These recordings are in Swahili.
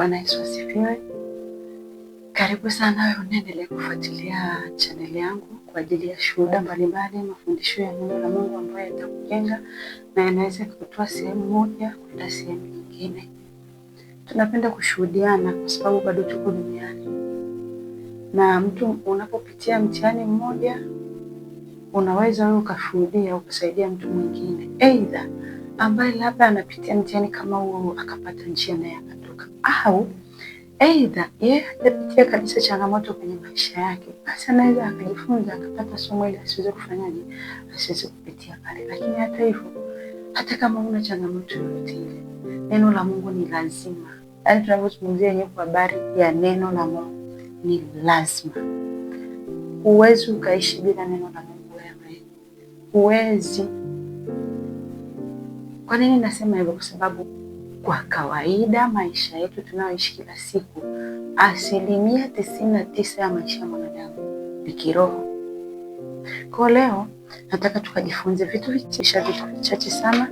Bwana Yesu asifiwe. Karibu sana wewe unaendelea kufuatilia chaneli yangu kwa ajili ya shuhuda mbalimbali, mafundisho ya neno la Mungu ambayo yatakujenga na yanaweza kukutoa sehemu moja kwenda sehemu nyingine. Tunapenda kushuhudiana kwa sababu bado tuko duniani, na mtu unapopitia mtihani mmoja, unaweza wewe ukashuhudia ukasaidia mtu mwingine, aidha ambaye labda anapitia mtihani kama huo akapata njia naye akatoka, au aidha yeye hajapitia kabisa changamoto kwenye maisha yake, basi anaweza akajifunza akapata somo ili asiweze kufanyaje, asiweze kupitia pale. Lakini hata hivyo, hata kama una changamoto yoyote ile, neno la Mungu ni lazima, yaani tunavyozungumzia yenyewe kwa habari ya neno la Mungu ni lazima. Huwezi ukaishi bila neno la Mungu wewe, huwezi kwa nini nasema hivyo? Kwa sababu kwa kawaida maisha yetu tunayoishi kila siku, asilimia tisini na tisa ya maisha ya mwanadamu ni kiroho. Kwa leo nataka tukajifunze vitu vichache vitu vichache sana,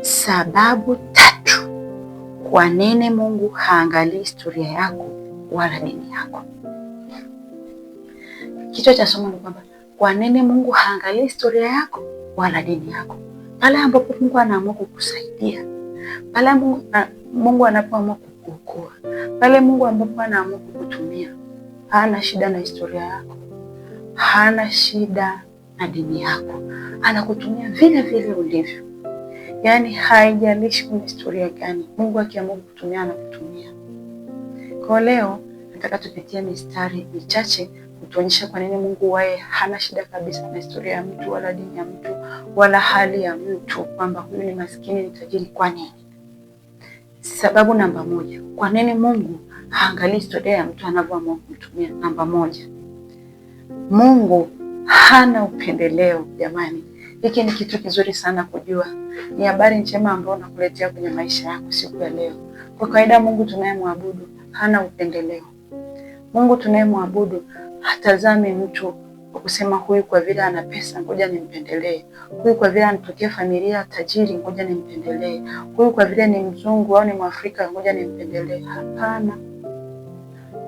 sababu tatu kwa nini Mungu haangalii historia yako wala dini yako. Kichwa cha somo ni kwamba kwa nini Mungu haangalii historia yako wala dini yako pale ambapo Mungu anaamua kukusaidia, pale ah, Mungu anapoamua kukuokoa, pale Mungu ambapo anaamua kukutumia. Hana shida na historia yako, hana shida na dini yako, anakutumia vile vile ulivyo. Yaani haijalishi una historia gani, Mungu akiamua kukutumia anakutumia. Kwa leo nataka tupitie mistari michache kutuonyesha kwa nini Mungu wae hana shida kabisa na historia ya mtu wala dini ya mtu wala hali ya mtu, kwamba huyu ni maskini, ni tajiri. Kwa nini? Sababu namba moja, kwa nini Mungu haangalii historia ya mtu anavyoamua kumtumia? Namba moja, Mungu hana upendeleo. Jamani, hiki ni kitu kizuri sana kujua, ni habari njema ambayo nakuletea kwenye maisha yako siku ya leo. Kwa kawaida Mungu tunayemwabudu hana upendeleo. Mungu tunayemwabudu hatazami mtu kwa kusema huyu kwa vile ana pesa ngoja nimpendelee, huyu kwa vile anatokea familia tajiri ngoja nimpendelee, huyu kwa vile ni mzungu au ni mwafrika ngoja nimpendelee. Hapana,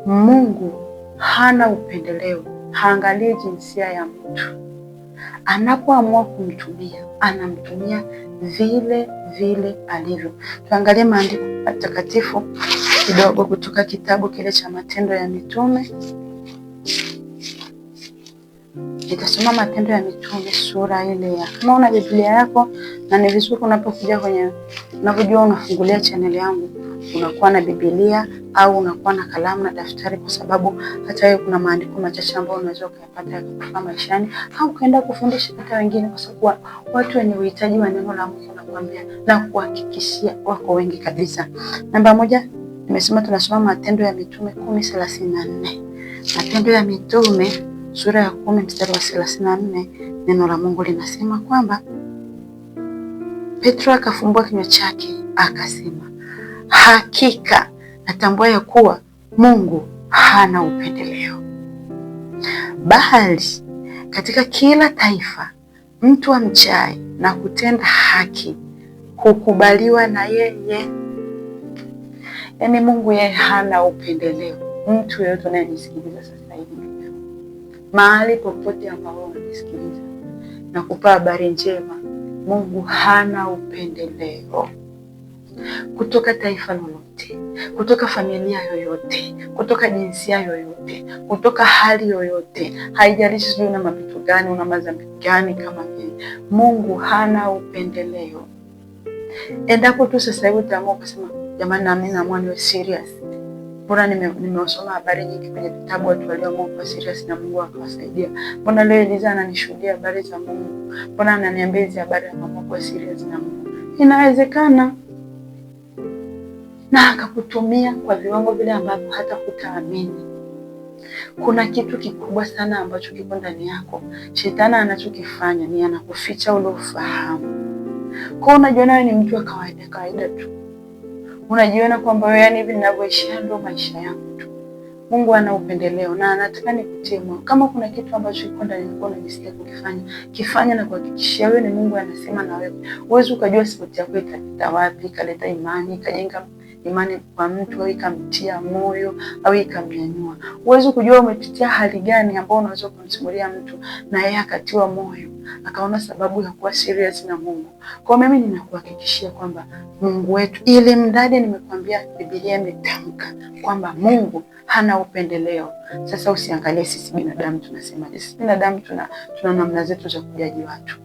Mungu hana upendeleo, haangalii jinsia ya mtu. Anapoamua kumtumia anamtumia vile vile alivyo. Tuangalie maandiko matakatifu kidogo kutoka kitabu kile cha Matendo ya Mitume utasoma Matendo ya Mitume sura ile ya kama una Biblia yako, na ni vizuri unapokuja kwenye unapojua unafungulia channel yangu unakuwa na Biblia au unakuwa na kalamu na daftari, kwa sababu hata wewe kuna maandiko machache ambayo unaweza ukayapata kwa maishani au ukaenda kufundisha hata wengine, kwa sababu watu wenye uhitaji wa neno la Mungu nakuambia na kuhakikishia wako wengi kabisa. Namba moja, nimesema tunasoma Matendo ya Mitume kumi thelathini na nne Matendo ya Mitume sura ya kumi mstari wa thelathini na nne neno la Mungu linasema kwamba Petro akafumbua kinywa chake akasema, hakika natambua ya kuwa Mungu hana upendeleo, bali katika kila taifa mtu amchaye na kutenda haki hukubaliwa na yeye. Yaani Mungu yeye hana upendeleo. Mtu yeyote unayenisikiliza sasa hivi mahali popote ambao wanasikiliza na kupa habari njema. Mungu hana upendeleo kutoka taifa lolote, kutoka familia yoyote, kutoka jinsia yoyote, kutoka hali yoyote, haijalishi sijui una mapito gani, una madhambi gani kama mimi. Mungu hana upendeleo. Endapo tu sasa hivi utaamua kusema jamani, nami naamua niwe serious Mbona nimewasoma habari nyingi kwenye vitabu, watu kwa serious na Mungu akawasaidia. Mbona leo Eliza ananishuhudia habari za Mungu? Mbona ananiambia hizi habari ambapo kwa serious na Mungu? Inawezekana na akakutumia kwa viwango vile ambavyo hata kutaamini. Kuna kitu kikubwa sana ambacho kiko ndani yako. Shetani anachokifanya ni anakuficha ule ufahamu. Kwa unajiona wewe ni mtu wa kawaida kawaida tu unajiona kwamba yani hivi ninavyoishi ndio maisha yangu tu. Mungu ana upendeleo na anataka nikutie moyo. Kama kuna kitu ambacho iko ndani yako unajisikia kukifanya, kifanya na kuhakikishia wewe ni Mungu anasema na wewe. Uwezi ukajua spoti yako itapita wapi, ikaleta imani, ikajenga imani kwa mtu au ikamtia moyo au ikamnyanyua. Huwezi kujua umepitia hali gani ambayo unaweza kumsimulia mtu na yeye akatiwa moyo akaona sababu ya kuwa serious na Mungu. Kwa mimi ninakuhakikishia kwamba Mungu wetu, ili mdadi nimekwambia, Biblia imetamka kwamba Mungu hana upendeleo. Sasa usiangalie sisi binadamu tunasemaje. Sisi binadamu tuna tuna namna zetu za kujaji watu,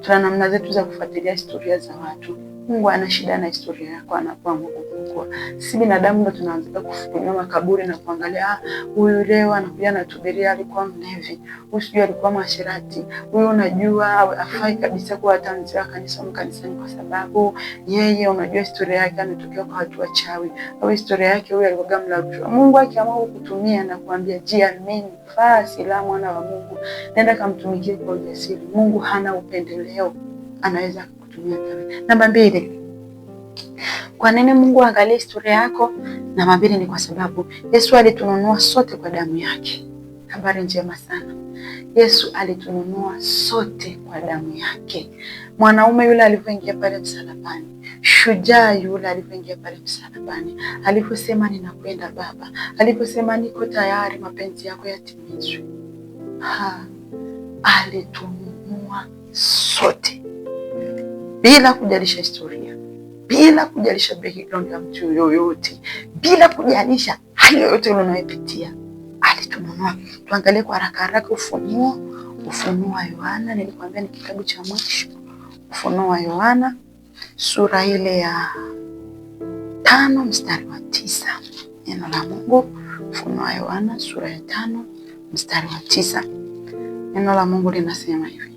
tuna namna zetu za kufuatilia historia za watu Mungu ana shida na historia yako anapoamua kukuokoa. Sisi binadamu ndo tunaanza kufukunywa makaburi na kuangalia ah, huyu leo anakuja na tubiria, alikuwa mlevi, huyu sijui alikuwa mwasherati, huyu unajua afai kabisa kuwa hata mzee wa kanisa mkanisani, kwa sababu yeye unajua historia yake ametokea kwa watu wachawi, au historia yake huyu alikuwa mlafi. Mungu akiamua kukutumia na kuambia jiamini, faa silaha, mwana wa Mungu, nenda kamtumikie kwa ujasiri. Mungu hana upendeleo, anaweza kutumia wewe. Namba mbili, kwa nini Mungu angalie historia yako? Namba mbili ni kwa sababu Yesu alitununua sote kwa damu yake. Habari njema sana. Yesu alitununua sote kwa damu yake. Mwanaume yule alivyoingia pale msalabani, shujaa yule alivyoingia pale msalabani, alivyosema ninakwenda Baba, alivyosema niko tayari, mapenzi yako yatimizwe, alitununua sote bila kujalisha historia, bila kujalisha background ya mtu yoyote, bila kujalisha hali yoyote unayopitia. Alitununua. Tuangalie kwa haraka haraka Ufunuo, Ufunuo wa Yohana, nilikwambia ni kitabu cha mwisho. Ufunuo wa Yohana sura ile ya tano mstari wa tisa. Neno la Mungu, Ufunuo wa Yohana sura ya tano mstari wa tisa. Neno la Mungu linasema hivi: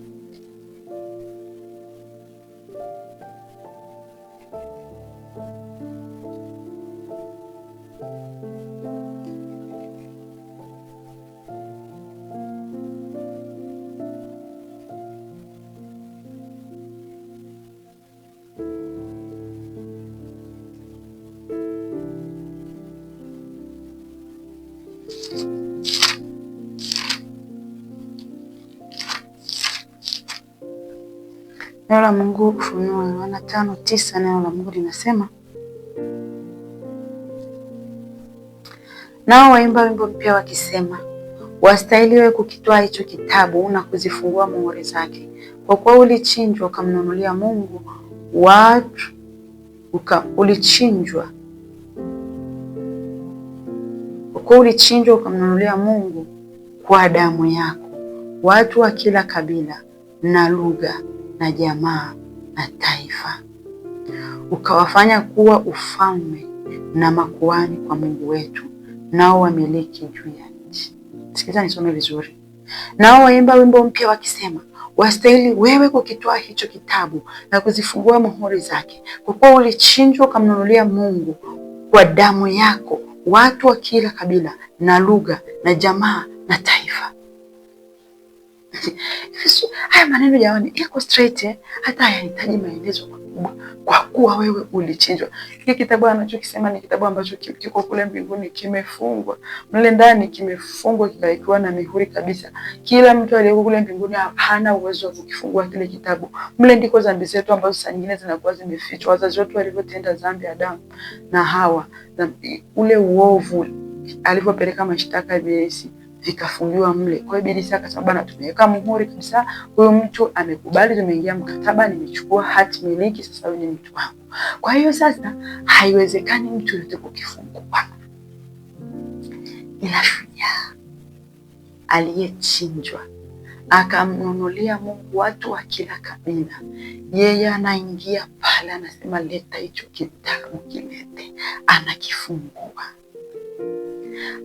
Neno la Mungu Ufunuo Yohana tano tisa neno la Mungu linasema, nao waimba wimbo mpya wakisema, wastahili wewe kukitoa hicho kitabu na kuzifungua muhuri zake, kwa kuwa ulichinjwa ukamnunulia Mungu watu uka, ulichinjwa kwa kuwa ulichinjwa ukamnunulia Mungu kwa damu yako watu wa kila kabila na lugha na jamaa na taifa, ukawafanya kuwa ufalme na makuani kwa Mungu wetu, nao wamiliki juu ya nchi. Sikiliza nisome vizuri. Nao waimba wimbo mpya wakisema, wastahili wewe kukitoa hicho kitabu na kuzifungua muhuri zake, kwa kuwa ulichinjwa ukamnunulia Mungu kwa damu yako watu wa kila kabila na lugha na jamaa na taifa Haya maneno jamani, iko straight eh, hata hayahitaji maelezo makubwa, kwa kuwa wewe ulichinjwa. Hiki kitabu anachokisema ni kitabu ambacho kiko kule mbinguni, kimefungwa mle ndani, kimefungwa kikawekiwa na mihuri kabisa. Kila mtu aliyeko kule mbinguni hana uwezo wa kukifungua kile kitabu. Mle ndiko dhambi zetu ambazo saa nyingine zinakuwa zimefichwa, wazazi wetu walivyotenda dhambi, Adamu na Hawa, ule uovu alivyopeleka mashtaka ya vikafungiwa mle. Kwa hiyo Bilisa akasema bana, tumeweka muhuri kabisa, huyu mtu amekubali, tumeingia mkataba, nimechukua hati miliki, sasa huyu ni mtu wangu. Kwa hiyo sasa haiwezekani mtu yote kukifungua, ila shujaa aliyechinjwa akamnunulia Mungu watu wa kila kabila. Yeye anaingia pale, anasema leta hicho kitabu kilete, anakifungua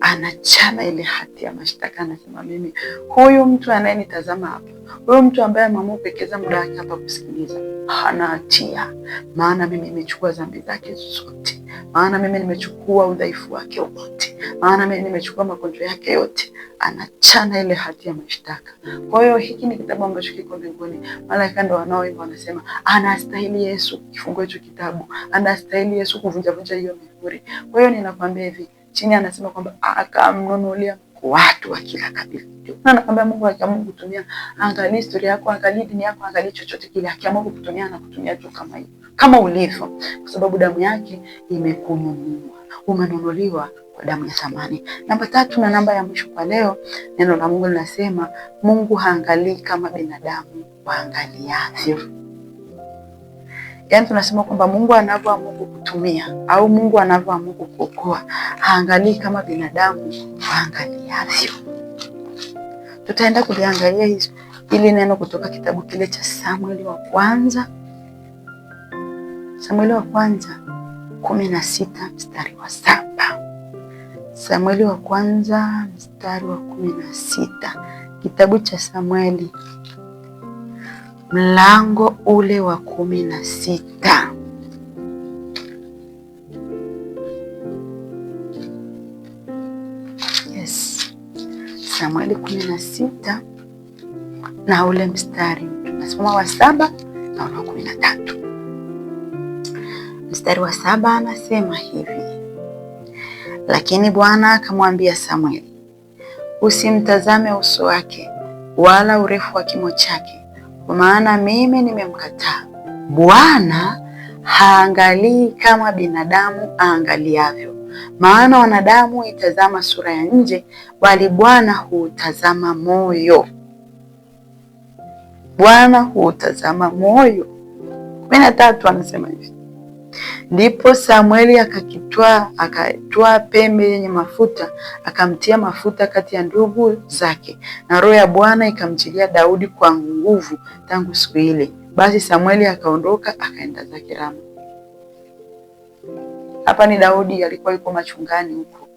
anachana ile hati ya mashtaka, anasema mimi huyu mtu anayenitazama hapa, huyu mtu ambaye ameamua kuwekeza muda wake hapa kusikiliza, hana hatia, maana mimi nimechukua dhambi zake zote, maana mimi nimechukua udhaifu wake wote, maana mimi nimechukua magonjwa yake yote. Anachana ile hati ya mashtaka. Kwa hiyo hiki ni kitabu ambacho kiko mbinguni, malaika ndo wanaoimba, wanasema anastahili Yesu kifungua hicho kitabu, anastahili Yesu kuvunjavunja hiyo mihuri. Kwa hiyo ninakwambia hivi chini anasema kwamba ah, akamnunulia watu wa kila kabila. Ndio nakwambia Mungu akiamua kutumia, angalia historia yako, angalia dini yako, angalia chochote kile. Akiamua kukutumia na kutumia tu kama hiyo, kama ulivyo, kwa sababu damu yake imekununua, umenunuliwa kwa damu ya thamani. Namba tatu na namba ya mwisho kwa leo, neno la Mungu linasema Mungu haangalii kama binadamu waangaliavyo. Yaani tunasema kwamba Mungu anavyoamua kukutumia au Mungu anavyoamua kukuokoa haangalii kama binadamu waangaliavyo. Tutaenda kuliangalia hizo ili neno kutoka kitabu kile cha Samueli wa kwanza, Samueli wa kwanza kumi na sita mstari wa saba Samueli wa kwanza mstari wa kumi na sita kitabu cha Samueli mlango ule wa kumi na sita yes. Samueli kumi na sita na ule mstari nasoma wa saba na ule wa kumi na tatu. Mstari wa saba anasema hivi, lakini Bwana akamwambia Samueli, usimtazame uso wake wala urefu wa kimo chake kwa maana mimi nimemkataa. Bwana haangalii kama binadamu aangaliavyo, maana wanadamu huitazama sura ya nje, bali Bwana huutazama moyo. Bwana huutazama moyo. kumi na tatu anasema hivi Ndipo Samueli akakitwaa akatwaa pembe yenye mafuta akamtia mafuta kati ya ndugu zake, na roho ya Bwana ikamjilia Daudi kwa nguvu tangu siku ile. Basi Samueli akaondoka akaenda zake Rama. Hapa ni Daudi alikuwa yuko machungani huko,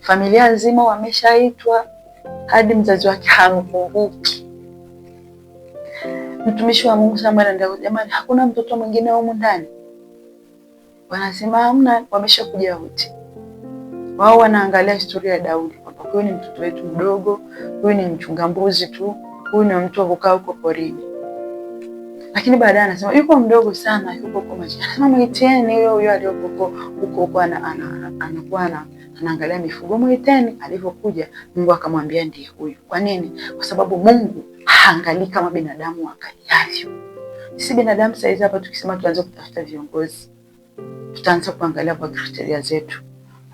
familia nzima wameshaitwa, hadi mzazi wake hamkumbuki. Mtumishi wa Mungu Samueli, jamani, hakuna mtoto mwingine humu ndani? wanasema hamna, wameshakuja wote. Wao wanaangalia historia ya Daudi kwamba huyu ni mtoto wetu mdogo, huyu ni mchunga mbuzi tu, huyu ni mtu wa kukaa huko porini. Lakini baadaye anasema yuko mdogo sana, yuko kwa macho. Anasema mwiteni huyo huyo aliyoko huko huko, anakuwa anaangalia mifugo, mwiteni. Alivyokuja Mungu akamwambia ndiye huyu. Kwa nini? Kwa sababu Mungu haangali kama binadamu angaliavyo. Sisi binadamu saizi hapa tukisema tuanze kutafuta viongozi tutaanza kuangalia kwa kriteria zetu,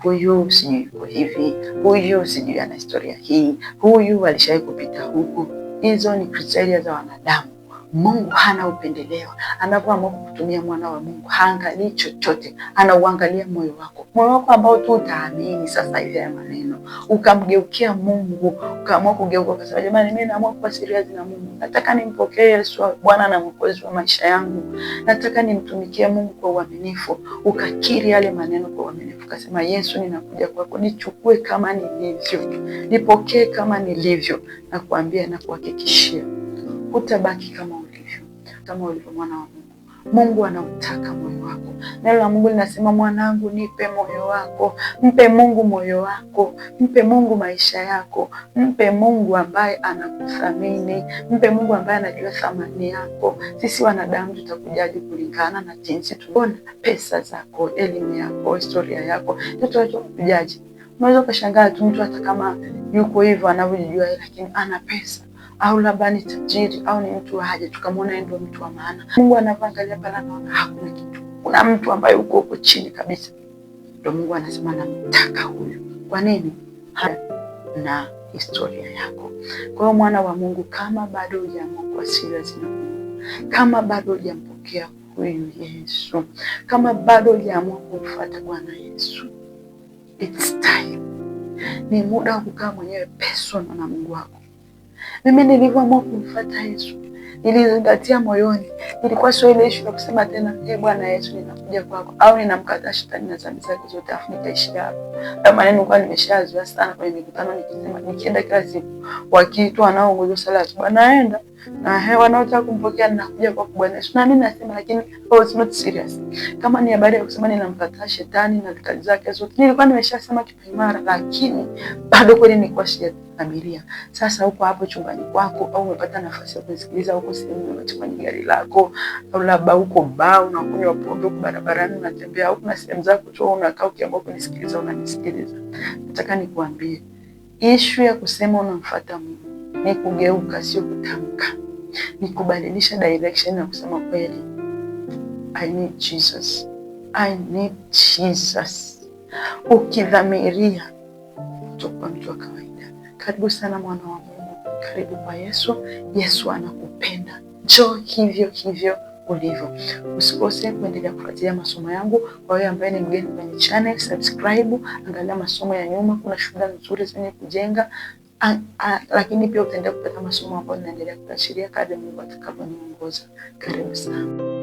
huyu sijui yuko hivi, huyu sijui ana historia hii, huyu alishawahi kupita huku. Hizo ni kriteria za wanadamu. Mungu hana upendeleo. Anapoamua kukutumia mwana wa Mungu haangalii chochote, anauangalia moyo wako, moyo wako ambao tu utaamini sasa hivi haya maneno, ukamgeukia Mungu, ukaamua kugeuka, ukasema jamani, mimi naamua kuwa siriazi na Mungu, nataka nimpokee Yesu Bwana na Mwokozi wa maisha yangu, nataka nimtumikie Mungu kwa uaminifu. Ukakiri yale maneno kwa uaminifu, ukasema Yesu, ninakuja kwako, nichukue kama nilivyo, nipokee kama nilivyo, na kuambia na kuhakikishia hutabaki kama ulivyo, kama ulivyo mwana wa Mungu. Mungu anautaka moyo wako. Neno la Mungu linasema, mwanangu, nipe moyo wako. Mpe Mungu moyo wako, mpe Mungu maisha yako, mpe Mungu ambaye anakuthamini, mpe Mungu ambaye anajua thamani yako. Sisi wanadamu tutakujaji kulingana na jinsi tuona pesa zako, elimu yako, historia yako, tutakujaji. Unaweza ukashangaa tu mtu hata kama yuko hivyo anavyojijua, lakini ana pesa au labda ni tajiri au ni mtu wa haja, tukamwona yeye ndio mtu wa maana. Mungu anavyoangalia pale, anaona hakuna kitu, kuna mtu ambaye uko huko chini kabisa, ndio Mungu anasema namtaka huyu. Kwa nini? na historia yako. Kwa hiyo mwana wa Mungu, kama bado hujaamua kwa serious zina Mungu, kama bado hujampokea huyu Yesu, kama bado hujaamua kumfuata Bwana Yesu, it's time. Ni muda wa kukaa mwenyewe personal na Mungu wako. Mimi nilivyoamua kumfuata Yesu nilizingatia moyoni, nilikuwa sio ile ishu ya kusema tena e, Bwana Yesu ninakuja kwako, au ninamkataa shetani na dhambi zake zote afu nikaishia hapo. Ndio maana nilikuwa nimeshazoea sana kwenye mikutano, nikisema nikienda kila siku, wakiitwa wanaoongoza sala bwana aenda na hewa wanaotaka kumpokea nakuja kwa kubwanisha na mimi nasema, lakini oh, it's not serious. Kama ni habari ya kusema ninamkataa shetani na vikali zake zote, nilikuwa nimeshasema kipaimara, lakini bado kweli ni kwa abiria. Sasa huko hapo chumbani kwako, au umepata nafasi ya kusikiliza huko sehemu unachukua gari lako, au labda huko baa unakunywa pombe huko barabarani unatembea, huko na sehemu zako tu unakaa ukiamua kunisikiliza unanisikiliza, nataka nikuambie ishu ya kusema unamfuata Mungu ni kugeuka, sio kutamka, ni kubadilisha direction na kusema kweli, I need Jesus, I need Jesus. Ukidhamiria kutokuwa mtu wa kawaida. Karibu sana mwana wa Mungu, karibu kwa Yesu. Yesu anakupenda, njoo hivyo hivyo ulivyo. Usikose kuendelea kufuatilia masomo yangu. Kwa wewe ambaye ni mgeni kwenye channel, subscribe, angalia masomo ya nyuma, kuna shughuli nzuri zenye kujenga lakini pia utaenda kupata masomo ambayo naendelea kuashiria kadri Mungu atakavyoniongoza. Karibu sana.